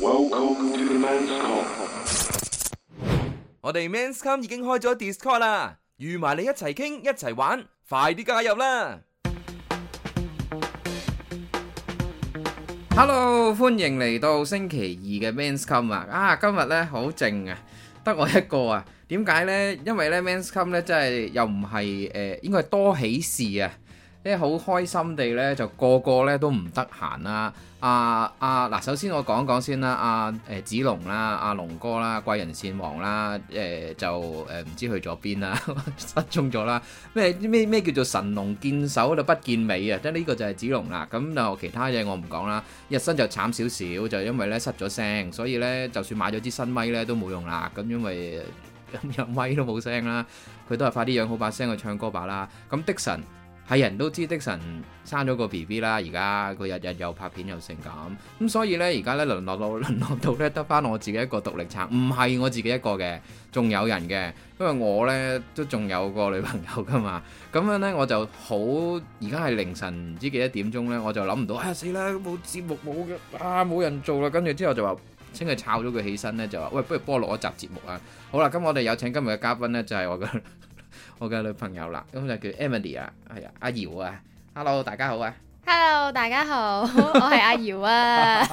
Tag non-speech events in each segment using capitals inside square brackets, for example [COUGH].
Welcome to the men's come。 [NOISE] 我哋 men's come 已經開咗 Discord 啦，預埋你一齊傾一齊玩，快啲加入啦！Hello，歡迎嚟到星期二嘅 men's come 啊！啊，今日咧好靜啊，得我一個啊？點解咧？因為咧 men's come 咧，真係又唔係誒，應該係多喜事啊！即係好開心地咧，就個個咧都唔得閒啦。阿阿嗱，首先我講講先啦。阿誒子龍啦，阿龍哥啦，貴人善王啦，誒就誒唔知去咗邊啦，失蹤咗啦。咩咩咩叫做神龍見首就不見尾啊？即係呢個就係子龍啦。咁就其他嘢我唔講啦。日新就慘少少，就因為咧失咗聲，所以咧就算買咗支新咪咧都冇用啦。咁因為咁入咪都冇聲啦，佢都係快啲養好把聲去唱歌把啦。咁的神。係人都知迪神生咗個 BB 啦，而家佢日日又拍片又成咁咁，所以呢，而家呢，淪落到淪落到，到呢，得翻我自己一個獨力撐，唔係我自己一個嘅，仲有人嘅，因為我呢，都仲有個女朋友噶嘛，咁樣呢，我就好而家係凌晨唔知幾多點鐘呢，我就諗唔到啊，死啦，冇節目冇嘅啊，冇人做啦，跟住之後就話請佢抄咗佢起身呢，就話喂，不如幫我錄一集節目啊，好啦，咁我哋有請今日嘅嘉賓呢，就係、是、我嘅。我嘅女朋友啦，咁就叫 Emily 啊，係啊，阿姚啊，Hello，大家好啊，Hello，大家好，我係阿姚啊，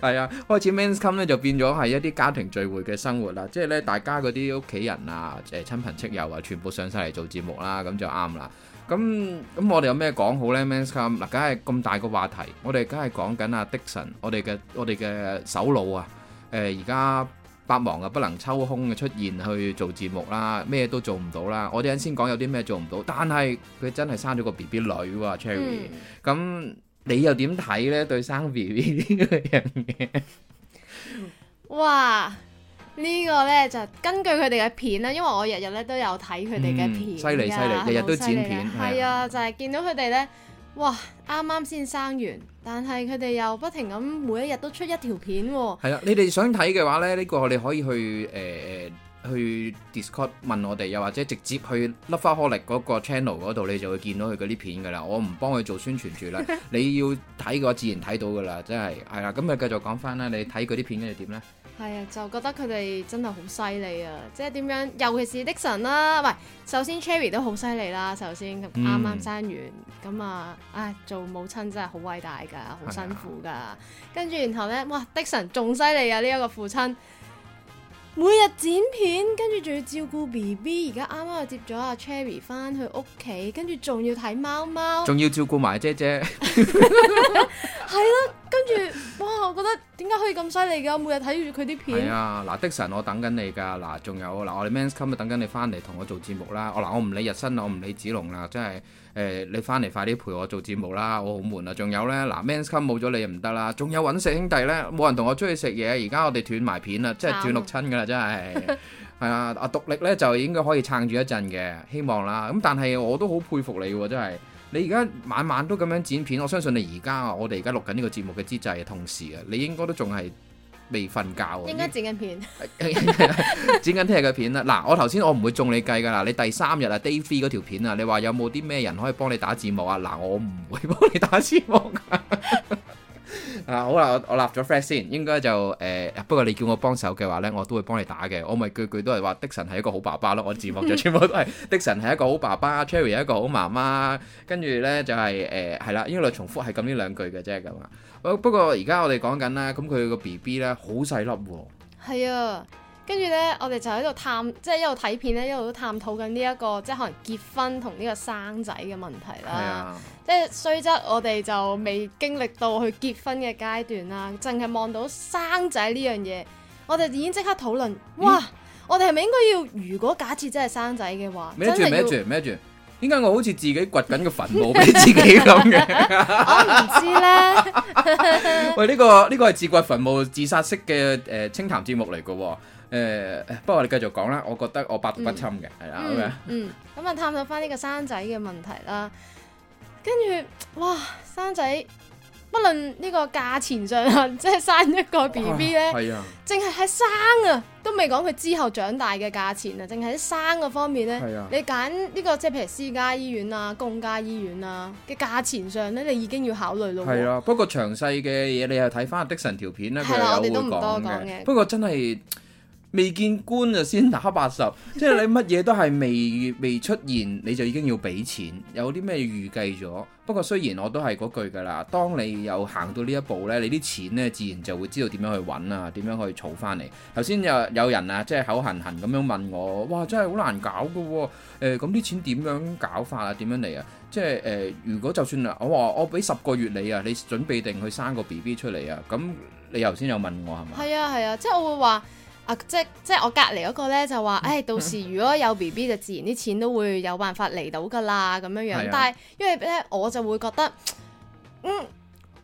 係啊，開始 Men’s Come 咧，就變咗係一啲家庭聚會嘅生活啦，即係咧大家嗰啲屋企人啊，誒，親朋戚友啊，全部上晒嚟做節目啦，咁就啱啦，咁咁我哋有咩講好咧？Men’s Come 嗱，梗係咁大個話題，我哋梗係講緊阿 Dixon，我哋嘅我哋嘅首腦啊，誒，而家。百忙啊不能抽空嘅出現去做節目啦，咩都做唔到啦。我哋啱先講有啲咩做唔到，但係佢真係生咗個 B 哇！啱啱先生完，但係佢哋又不停咁每一日都出一條片喎、啊。係啦，你哋想睇嘅話咧，呢、這個你可以去誒、呃、去 Discord 問我哋，又或者直接去 Lovaholic 嗰個 channel 嗰度，你就會見到佢嗰啲片噶啦。我唔幫佢做宣傳住啦，你要睇嘅話自然睇到噶啦，真係係啦。咁啊，繼續講翻啦，你睇佢啲片咧點咧？係啊，就覺得佢哋真係好犀利啊！即係點樣？尤其是 Dixon 啦、啊，唔係首先 Cherry 都好犀利啦。首先啱啱、啊、生完咁、嗯、啊，唉、哎，做母親真係好偉大噶，好辛苦噶。跟住、啊、然後咧，哇，Dixon 仲犀利啊！呢、這、一個父親每日剪片，跟住仲要照顧 B B。而家啱啱又接咗阿 Cherry 翻去屋企，跟住仲要睇貓貓，仲要照顧埋姐姐，係 [LAUGHS] 咯、 [LAUGHS] 啊。跟住， [LAUGHS] 哇！我覺得點解可以咁犀利㗎？我每日睇住佢啲片。係啊 [LAUGHS] 嗱，的神我等緊你㗎。嗱，仲有嗱，我哋 men’s come 等緊你翻嚟同我做節目啦。我嗱，我唔理日新，我唔理子龍啦。真係誒、呃，你翻嚟快啲陪我做節目啦！我好悶我啊。仲有咧，嗱 men’s come 冇咗你唔得啦。仲有搵食兄弟咧，冇人同我出去食嘢。而家我哋斷埋片啦，即係斷六親㗎啦，真係。係啊，啊，獨立咧就應該可以撐住一陣嘅，希望啦。咁但係我都好佩服你喎，真係。你而家晚晚都咁樣剪片，我相信你而家啊，我哋而家錄緊呢個節目嘅之際嘅同時啊，你應該都仲係未瞓覺，應該剪緊片， [LAUGHS] [LAUGHS] 剪緊聽日嘅片啦。嗱，我頭先我唔會中你計噶啦，你第三日啊 day three 嗰條片啊，你話有冇啲咩人可以幫你打字幕啊？嗱，我唔會幫你打字幕噶。 [LAUGHS] 啊好啦，我我立咗 friend 先，應該就誒、呃，不過你叫我幫手嘅話咧，我都會幫你打嘅。我咪句句都係話迪神係一個好爸爸咯， [LAUGHS] 我字幕就全部都係迪神係一個好爸爸 [LAUGHS] ，Cherry 係一個好媽媽，跟住咧就係誒係啦，應該嚟重複係咁呢兩句嘅啫咁啊。不過而家我哋講緊啦，咁佢個 B B 咧好細粒喎。係啊。跟住咧，我哋就喺度探，即係一路睇片咧，一路都探討緊呢一個即係可能結婚同呢個生仔嘅問題啦。啊、即係雖則我哋就未經歷到去結婚嘅階段啦，淨係望到生仔呢樣嘢，我哋已經即刻討論。哇！嗯、我哋係咪應該要？如果假設真係生仔嘅話，孭住孭住孭住？點解我好似自己掘緊個墳墓俾 [LAUGHS] 自己咁嘅？ [LAUGHS] 我唔知咧。 [LAUGHS] 喂，呢、這個呢個係自掘墳墓、自殺式嘅誒、呃、清談節目嚟嘅。誒、呃，不過我哋繼續講啦。我覺得我百毒不侵嘅，係啦、嗯，咁樣吧、嗯。嗯，咁啊，探索翻呢個生仔嘅問題啦。跟住，哇，生仔不論呢個價錢上，即係生一個 B B 咧，係啊，淨係喺生啊，生都未講佢之後長大嘅價錢啊，淨係喺生嘅方面咧，係啊，你揀呢個即係譬如私家醫院啊、公家醫院啊嘅價錢上咧，你已經要考慮咯。係啊，不過詳細嘅嘢你又睇翻阿迪神條片啦、啊。我哋都唔多講嘅。不過真係。未見官就先打八十， [LAUGHS] 即係你乜嘢都係未未出現，你就已經要俾錢。有啲咩預計咗？不過雖然我都係嗰句噶啦，當你有行到呢一步呢，你啲錢呢自然就會知道點樣去揾啊，點樣去儲翻嚟。頭先有有人啊，即係口痕痕咁樣問我，哇，真係好難搞噶喎、啊！誒、呃，咁啲錢點樣搞法啊？點樣嚟啊？即係誒、呃，如果就算啊，我話我俾十個月你啊，你準備定去生個 B B 出嚟啊，咁你頭先有問我係咪？係啊係啊，即係我會話。啊！即即我隔離嗰個咧就話，誒、哎、到時如果有 B B [LAUGHS] 就自然啲錢都會有辦法嚟到噶啦咁樣樣， [LAUGHS] 但係因為咧我就會覺得，嗯，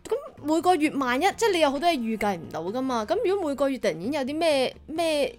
咁每個月萬一即係你有好多嘢預計唔到噶嘛，咁如果每個月突然間有啲咩咩，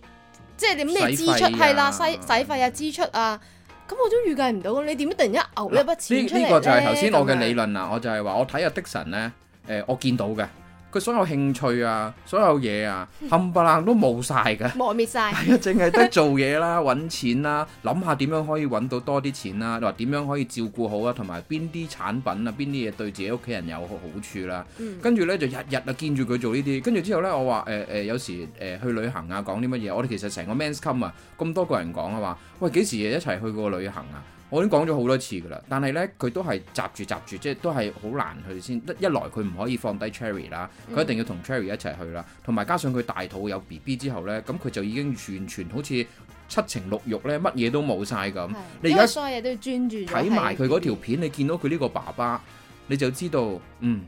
即係你咩支出係、啊、啦，使使費啊支出啊，咁我都預計唔到，你點解突然間嘔一筆錢出嚟咧？呢個就係頭先我嘅理論啦這樣，我就係話我睇下的神咧，誒、呃、我見到嘅。佢所有興趣啊，所有嘢啊，冚唪唥都冇晒嘅， [LAUGHS] 磨滅晒了。係 [LAUGHS] [LAUGHS] 啊，淨係得做嘢啦，揾錢啦，諗下點樣可以揾到多啲錢啦、啊，話點樣可以照顧好啊，同埋邊啲產品啊，邊啲嘢對自己屋企人有好處啦、啊。跟住咧就日日啊見住佢做呢啲，跟住之後咧我話誒誒有時誒、呃、去旅行啊，講啲乜嘢？我哋其實成個 m a n s come 啊咁多個人講啊話，喂幾時一齊去過旅行啊？我已經講咗好多次噶啦，但係呢，佢都係閘住閘住，即係都係好難去先。一來佢唔可以放低 Cherry 啦，佢一定要同 Cherry 一齊去啦。同埋加上佢大肚有 BB 之後呢，咁佢就已經完全好似七情六欲呢，乜嘢都冇晒咁。的你而家所有嘢都要專注。睇埋佢嗰條片，你見到佢呢個爸爸，你就知道嗯。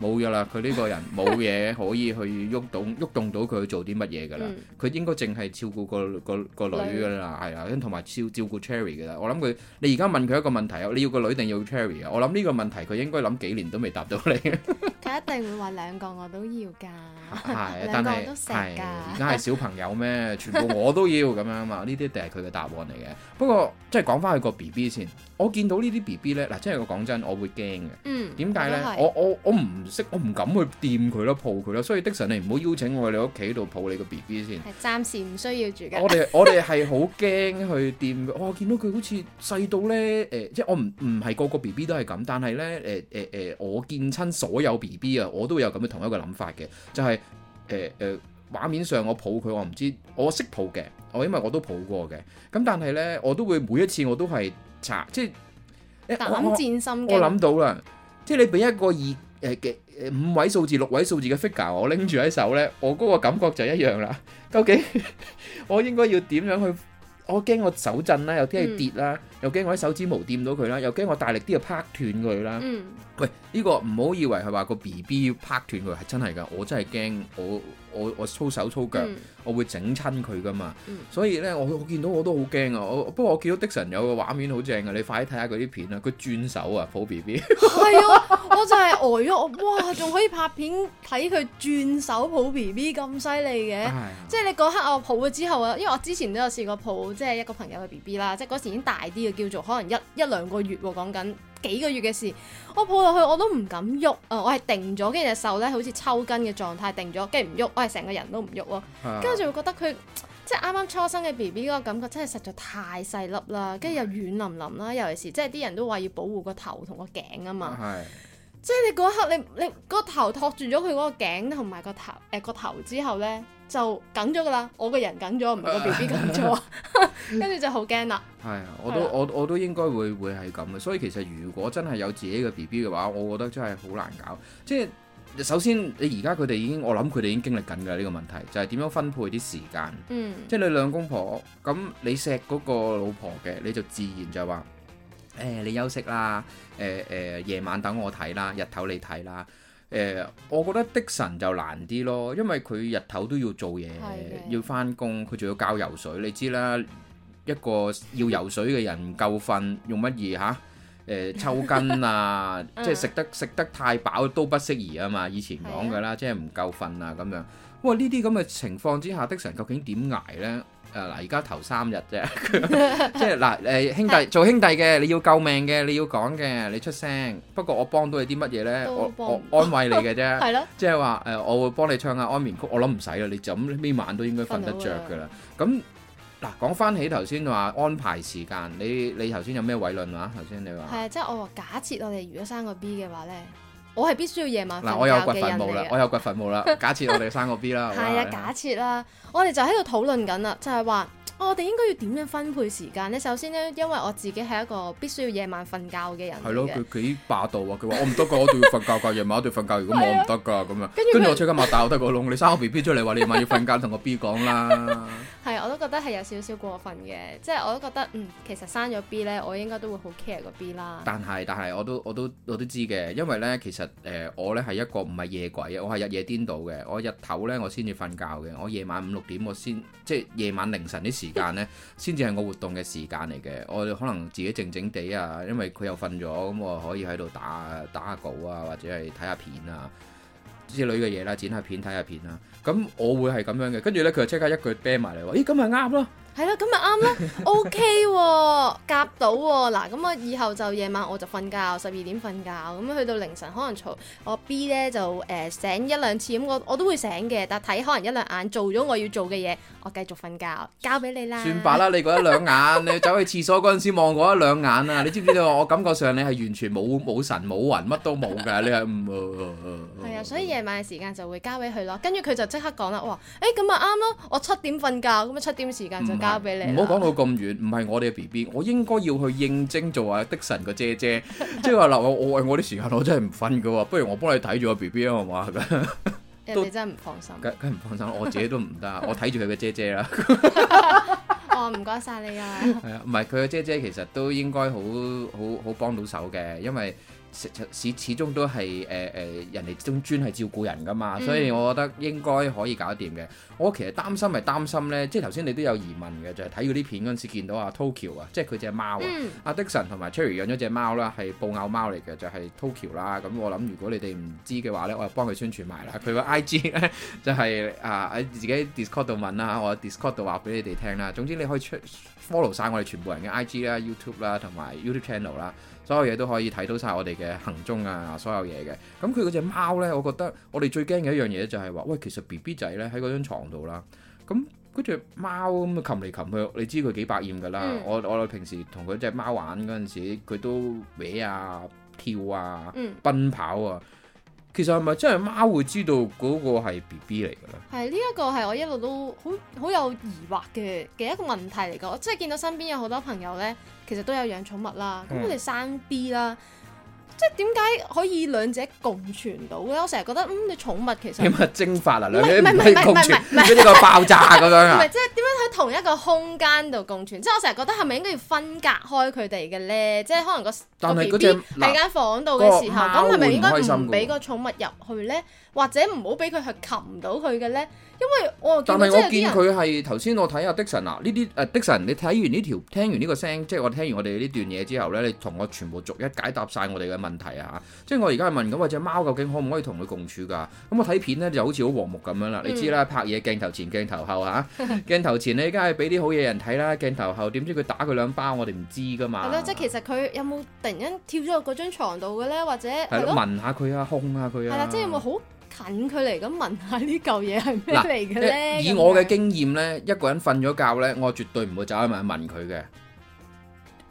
冇咗啦！佢呢個人冇嘢可以去喐到喐動到佢去做啲乜嘢噶啦，佢、嗯、應該淨係照顧個個個女噶啦，係啊女，同埋照照顧 Cherry 噶啦。我諗佢你而家問佢一個問題啊，你要個女定要 Cherry 啊？我諗呢個問題佢應該諗幾年都未答到你。佢一定會話兩個我都要㗎，係，但係而家係小朋友咩？全部我都要咁樣啊嘛！呢啲定係佢嘅答案嚟嘅。不過即係講翻佢個 B B 先。我見到 BB 呢啲 B B 咧，嗱，真係我講真，我會驚嘅。點解咧？我我我唔識，我唔敢去掂佢咯，抱佢咯。所以日新，你唔好邀請我去你屋企度抱你個 B B 先。係暫時唔需要住嘅。我哋我哋係好驚去掂嘅。哇！見到佢好似細到咧，誒，即係我唔唔係個個 B B 都係咁，但係咧，誒誒誒，我見親、呃呃呃、所有 B B 啊，我都有咁嘅同一個諗法嘅，就係誒誒畫面上我抱佢，我唔知我識抱嘅，我因為我都抱過嘅。咁但係咧，我都會每一次我都係。膽戰心，即係，我諗到啦，即係你俾一個二誒嘅五位數字、六位數字嘅 figure，我拎住喺手咧，我嗰個感覺就一樣啦。究竟 [LAUGHS] 我應該要點樣去？我驚我手震啦，又驚跌啦，嗯、又驚我啲手指毛掂到佢啦，又驚我大力啲就拍斷佢啦。嗯，喂，呢、這個唔好以為係話個 B B 要拍斷佢，係真係噶，我真係驚我。我我粗手粗腳，嗯、我會整親佢㗎嘛，嗯、所以咧我我見到我都好驚啊！我不過我見到迪神有個畫面好正啊。你快啲睇下佢啲片啊，佢轉手啊抱 B B，係啊，我真係呆咗！我哇，仲可以拍片睇佢轉手抱 B B 咁犀利嘅，e、唉呦 即係你嗰刻我抱咗之後啊，因為我之前都有試過抱即係一個朋友嘅 B B 啦，即係嗰時已經大啲嘅，叫做可能一一兩個月喎講緊。幾個月嘅事，我抱落去我都唔敢喐啊、呃！我係定咗，跟住隻手咧好似抽筋嘅狀態，定咗，跟住唔喐，我係成個人都唔喐咯。跟住仲會覺得佢，即係啱啱初生嘅 BB 嗰個感覺，真係實在太細粒啦。跟住又軟腍腍啦，尤其是即係啲人都話要保護個頭同個頸啊嘛。即係你嗰一刻，你你個頭托住咗佢嗰個頸同埋個頭誒個頭之後咧。就梗咗噶啦，我個人梗咗，唔係個 B B 梗咗，跟住就好驚啦。係啊，我都我我都應該會會係咁嘅，所以其實如果真係有自己嘅 B B 嘅話，我覺得真係好難搞。即係首先你而家佢哋已經，我諗佢哋已經經歷緊嘅呢個問題，就係點樣分配啲時間。嗯，即係你兩公婆咁，你錫嗰個老婆嘅，你就自然就話，誒你休息啦，誒誒夜晚等我睇啦，日頭你睇啦。誒、呃，我覺得迪神就難啲咯，因為佢日頭都要做嘢，的要翻工，佢仲要教游水。你知啦，一個要游水嘅人唔夠瞓，用乜嘢嚇？誒、呃，抽筋啊， [LAUGHS] 即係食得， [LAUGHS] 食得，食得太飽都不適宜啊嘛。以前講嘅啦，的即係唔夠瞓啊咁樣。哇，呢啲咁嘅情況之下，迪神究竟點捱呢？誒，嗱，而家頭三日啫、 [LAUGHS] 就是，即係嗱，誒、欸，兄弟是的 做兄弟嘅，你要救命嘅，你要講嘅，你出聲。不過我幫到你啲乜嘢咧？很我我安慰你嘅啫 [LAUGHS] 是的，係咯，即係話誒，我會幫你唱下安眠曲。我諗唔使啦，你就咁呢晚都應該瞓得着噶啦。咁嗱，講翻起頭先話安排時間，你你頭先有咩偉論啊？頭先你話係啊，即係我話假設我哋如果生個 B 嘅話咧。我係必須要夜晚嗱，我有掘墳墓啦， [LAUGHS] 我有掘墳墓啦。假設我哋生個 B 啦，係 [LAUGHS] 哇啊，看假設啦，我哋就喺度討論緊啦，就係話我哋應該要點樣分配時間咧？首先咧，因為我自己係一個必須要夜晚瞓覺嘅人，係咯，佢幾霸道啊！佢話我唔得噶，我都要瞓覺噶， [LAUGHS] 夜晚我哋瞓覺。如果我唔得噶咁樣，跟住、 [LAUGHS] 啊、我即刻咪斗得個窿。 [LAUGHS] 你生個 B B 出嚟，話你夜晚要瞓覺，同個 B 講啦。 [LAUGHS] [LAUGHS] 都係有少少過分嘅，即係 [MUSIC] 我都覺得，嗯，其實生咗 B 呢，我應該都會好 care 個 B 啦。但係但係我都我都我都知嘅，因為呢，其實誒、呃、我呢係一個唔係夜鬼，我係日夜顛倒嘅。我日頭呢，我先至瞓覺嘅，我夜晚五六點我先即係夜晚凌晨啲時間呢，先至係我活動嘅時間嚟嘅。我可能自己靜靜地啊，因為佢又瞓咗，咁、嗯、我可以喺度打，打打下稿啊，或者係睇下片啊。之類嘅嘢啦，剪下片睇下片啦，咁我會係咁樣嘅，跟住咧佢就即刻一句啤埋嚟話，咦咁咪啱咯。係咯，咁咪啱咯，OK 喎、啊，夾到喎，嗱、啊，咁、嗯、我以後就夜晚我就瞓覺，十二點瞓覺，咁、嗯、去到凌晨可能嘈，我 B 咧就誒、呃、醒一兩次，咁我我都會醒嘅，但睇可能一兩眼，做咗我要做嘅嘢，我繼續瞓覺，交俾你啦。算罷啦，你嗰一兩眼，你走去廁所嗰陣時望過一兩眼啊，你知唔知道我，我感覺上你係完全冇冇神冇魂，乜都冇㗎，你係唔係？係啊，所以夜晚嘅時間就會交俾佢咯，跟住佢就即刻講啦，哇，誒咁咪啱咯，我七點瞓覺，咁啊七點嘅時間就。交俾你，唔好講到咁遠，唔係我哋嘅 B B，我應該要去應徵做阿的神嘅姐姐，即係話嗱， [LAUGHS] 我，我我啲時間我真係唔瞓㗎，不如我幫你睇住個 B B 啊嘛咁，人哋 [LAUGHS] 都 [LAUGHS] 真係唔放心，梗梗唔放心，我自己都唔得， [LAUGHS] 我睇住佢嘅姐姐啦， [LAUGHS] [LAUGHS] [LAUGHS] 哦唔該晒你啊，係 [LAUGHS] 啊，唔係佢嘅姐姐其實都應該好好好幫到手嘅，因為。始始終都係誒誒人哋中專係照顧人㗎嘛，嗯、所以我覺得應該可以搞得掂嘅。我其實擔心係擔心咧，即係頭先你都有疑問嘅，就係睇嗰啲片嗰陣時見到阿 Tokyo 啊，即係佢、嗯啊、隻貓啊，阿 Dixon 同埋 Cherry 養咗隻貓、就是、啦，係布偶貓嚟嘅，就係 Tokyo 啦。咁我諗如果你哋唔知嘅話咧，我就幫佢宣傳埋啦。佢個 IG 咧就係、是、啊喺自己 Discord 度問啦，我 Discord 度話俾你哋聽啦。總之你可以 follow 晒我哋全部人嘅 IG 啦、YouTube 啦同埋 YouTube channel 啦。所有嘢都可以睇到晒我哋嘅行蹤啊！所有嘢嘅，咁佢嗰隻貓呢，我覺得我哋最驚嘅一樣嘢就係話，喂，其實 BB 仔呢喺嗰張床度啦，咁嗰隻貓咁啊擒嚟擒去，你知佢幾百厭噶啦，嗯、我我哋平時同佢隻貓玩嗰陣時，佢都歪啊、跳啊、嗯、奔跑啊。其實係咪真係貓會知道嗰個係 BB 嚟嘅咧？係呢一個係我一路都好好有疑惑嘅嘅一個問題嚟嘅，我即係見到身邊有好多朋友咧，其實都有養寵物啦，咁佢哋生 B 啦。即係點解可以兩者共存到咧？我成日覺得，嗯，你寵物其實點啊蒸發啊，兩唔係唔係唔係唔係唔係呢個爆炸咁樣唔係？ [LAUGHS] 即係點樣喺同一個空間度共存？即係我成日覺得係咪應該要分隔開佢哋嘅咧？即係可能、那個但係個 BB 喺間房度嘅時候，咁係咪應該唔俾個寵物入去咧？或者唔好俾佢係及唔到佢嘅咧？因為我，但係我見佢係頭先我睇下迪神嗱，呢啲誒迪神，你睇完呢條，聽完呢個聲，即係我聽完我哋呢段嘢之後咧，你同我全部逐一解答晒我哋嘅問題啊！即係我而家係問咁話，隻、啊、貓究竟可唔可以同佢共處㗎？咁我睇片咧就好似好和睦咁樣啦。你知啦，嗯、拍嘢鏡頭前鏡頭後啊，鏡頭前你梗係俾啲好嘢人睇啦，鏡頭後點、啊、 [LAUGHS] 知佢打佢兩巴，我哋唔知㗎嘛。係咯，即係其實佢有冇突然間跳咗落嗰張牀度嘅咧，或者係咯，了了聞下佢啊，控下佢啊。係啊，即係有冇好？近佢嚟咁聞下呢嚿嘢，係咩嚟嘅咧？以我嘅經驗咧， [LAUGHS] 一個人瞓咗覺咧，我絕對唔會走去問問佢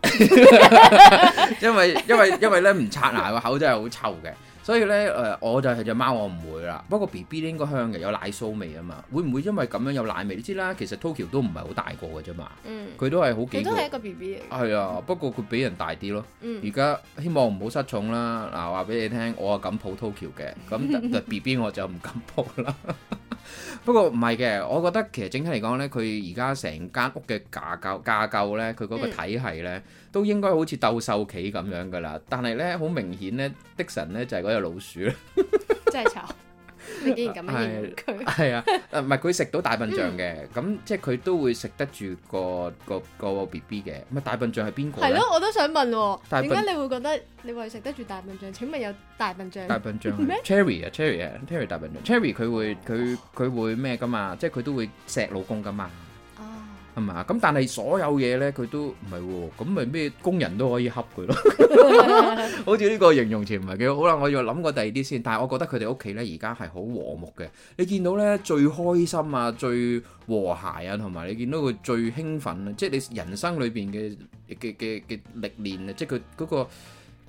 嘅， [LAUGHS] [LAUGHS] [LAUGHS] 因為因為因為咧唔刷牙個口真係好臭嘅。所以咧，誒、呃、我就係隻貓，我唔會啦。不過 B B 應該香嘅，有奶酥味啊嘛。會唔會因為咁樣有奶味？你知啦，其實 Tokyo 都唔係好大個嘅啫嘛。嗯，佢都係好幾，佢都係一個 B B 嚟。係啊，不過佢比人大啲咯。嗯，而家希望唔好失寵啦。嗱、啊，話俾你聽，我係敢抱 Tokyo 嘅，咁 B B 我就唔敢抱啦。 [LAUGHS] 不過唔係嘅，我覺得其實整體嚟講咧，佢而家成間屋嘅架構架構咧，佢嗰個體系咧，嗯、都應該好似鬥獸棋咁樣噶啦。但係咧，好明顯咧，Dixon 咧就係嗰隻老鼠啦，真係醜。你竟然咁認佢？係啊，誒唔係佢食到大笨象嘅，咁、嗯、即係佢都會食得住個個 B B 嘅，唔係大笨象係邊個？係咯、啊，我都想問喎、啊。點解分你會覺得你話食得住大笨象？請問有大笨象？大笨象咩？Cherry 啊，Cherry 啊，Cherry 大笨象，Cherry 佢會佢佢會咩噶嘛？即係佢都會錫老公噶嘛？係嘛？咁但係所有嘢咧，佢都唔係喎。咁咪咩工人都可以恰佢咯？ [LAUGHS] 好似呢個形容詞唔係幾好。好啦，我要諗過第二啲先。但係我覺得佢哋屋企咧，而家係好和睦嘅。你見到咧，最開心啊，最和諧啊，同埋你見到佢最興奮啊，即係你人生裏邊嘅嘅嘅嘅歷練啊，即係佢嗰個。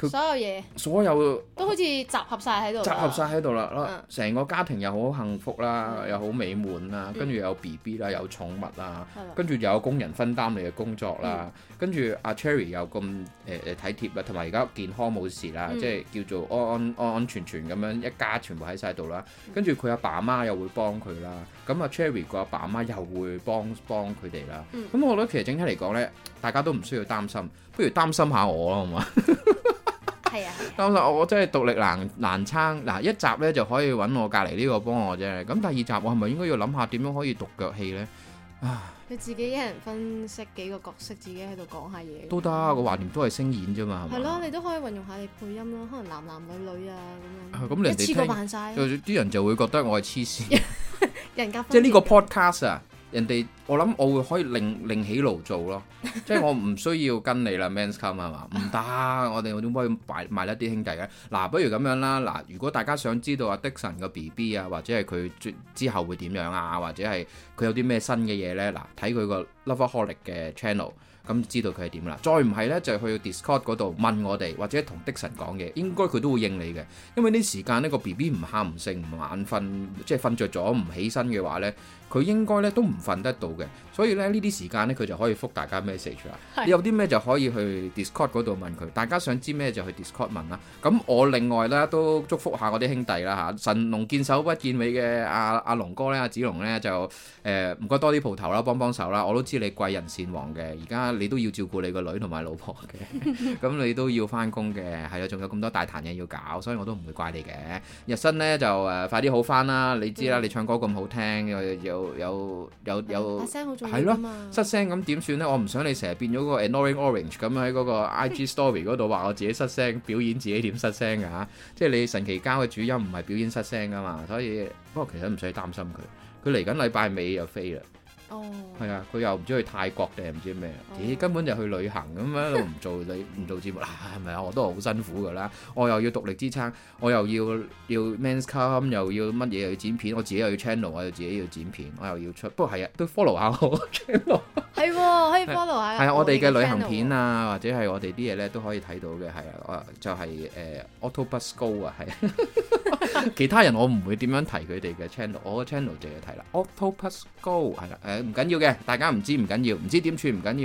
所有嘢，所有都好似集合晒喺度，集合晒喺度啦。成個家庭又好幸福啦，又好美滿啦。跟住有 BB 啦，有寵物啦，跟住又有工人分擔你嘅工作啦。跟住阿 Cherry 又咁誒誒體貼啦，同埋而家健康冇事啦，即係叫做安安安安全全咁樣一家全部喺晒度啦。跟住佢阿爸媽又會幫佢啦，咁阿 Cherry 個阿爸媽又會幫幫佢哋啦。咁我覺得其實整體嚟講呢，大家都唔需要擔心，不如擔心下我啦，好嘛？係啊，嗱我真係獨力難難撐，嗱一集咧就可以揾我隔離呢個幫我啫。咁第二集我係咪應該要諗下點樣可以獨腳戲咧？啊，你自己一人分析幾個角色，自己喺度講下嘢都得。個話題都係聲演啫嘛，係咯、嗯，吧嗯、你都可以運用下你配音咯，可能男男女女啊咁樣，啊、你黐個扮曬，啲聽人就會覺得我係黐線，人 [LAUGHS] 即係呢個 podcast 啊。人哋我諗我會可以另另起爐做咯，即係我唔需要跟你啦 [LAUGHS] ，Men's Come 係嘛？唔得，我哋我點可以賣賣甩啲兄弟嘅？嗱、啊，不如咁樣啦，嗱、啊，如果大家想知道阿 Dickson 個 BB 啊，或者係佢之之後會點樣啊，或者係佢有啲咩新嘅嘢呢？嗱、啊，睇佢個 Lovaholic、ah、嘅 channel。咁知道佢係點啦？再唔係呢，就去 Discord 度問我哋，或者同迪神講嘢，應該佢都會應你嘅。因為呢時間呢個 BB 唔喊唔醒唔眼瞓，即係瞓着咗唔起身嘅話呢，佢應該呢都唔瞓得到嘅。所以呢呢啲時間呢，佢就可以覆大家 message 啦。的有啲咩就可以去 Discord 度問佢。大家想知咩就去 Discord 問啦。咁我另外呢都祝福下我啲兄弟啦嚇。神龍見首不見尾嘅阿阿龍哥呢、阿、啊、子龍呢，就誒唔該多啲蒲頭啦，幫幫手啦。我都知你貴人善忘嘅，而家。你都要照顧你個女同埋老婆嘅，咁 [LAUGHS] 你都要翻工嘅，係啊，仲有咁多大壇嘢要搞，所以我都唔會怪你嘅。日新呢就誒、呃，快啲好翻啦！你知啦，Yeah. 你唱歌咁好聽，又又又又又，失聲好重要㗎嘛！失聲咁點算呢？我唔想你成日變咗個 Annoying Orange，咁喺嗰個 IG story 嗰度話我自己失聲， [LAUGHS] 表演自己點失聲㗎嚇、啊！即係你神奇膠嘅主音唔係表演失聲㗎嘛，所以不過其實唔使擔心佢，佢嚟緊禮拜尾又飛啦。哦，係啊、oh.，佢又唔知去泰國定唔知咩，咦、oh. 根本就去旅行咁樣，唔做你唔做節目啦，係咪 [LAUGHS] 啊是是？我都好辛苦噶啦，我又要獨力支撐，我又要要 Men's Come 又要乜嘢又要剪片，我自己又要 channel，我要自己要剪片，我又要出。不過係啊，都 follow 下我 channel，係 [LAUGHS] 的可以 follow 下。係啊，我哋嘅旅行片啊，或者係我哋啲嘢咧都可以睇到嘅，係啊，就係、是、誒、呃、Autobus Go 啊，係。 [LAUGHS] 其他人，我唔會點樣提佢哋嘅 channel，我個 channel 就要提啦。Octopus Go 係啦，誒，唔緊要嘅，大家唔知唔緊要，唔知點處唔緊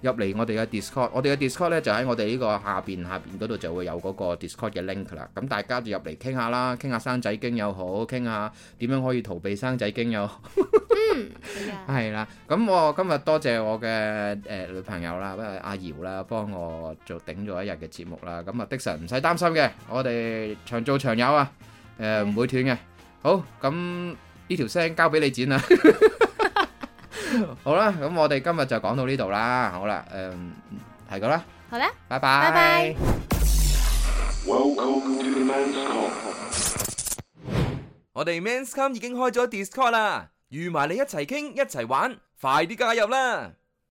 要，入嚟我哋嘅 Discord，我哋嘅 Discord 咧就喺我哋呢個下邊下邊嗰度就會有嗰個 Discord 嘅 link 啦。咁大家就入嚟傾下啦，傾下生仔經又好，傾下點樣可以逃避生仔經又好。嗯，係啊。係啦，咁我今日多謝我嘅誒女朋友啦，不如阿姚啦，幫我做頂咗一日嘅節目啦。咁啊，Dixon 唔使擔心嘅，我哋長做長有啊。誒，唔會斷嘅。好，咁呢條聲交俾你剪啦。好啦，咁我哋今日就講到呢度啦。好啦，誒，係咁啦。好啦，拜拜。拜拜。Welcome to the Men's Come。我哋 Men's Come 已經開咗 Discord 啦，預埋你一齊傾，一齊玩，快啲加入啦！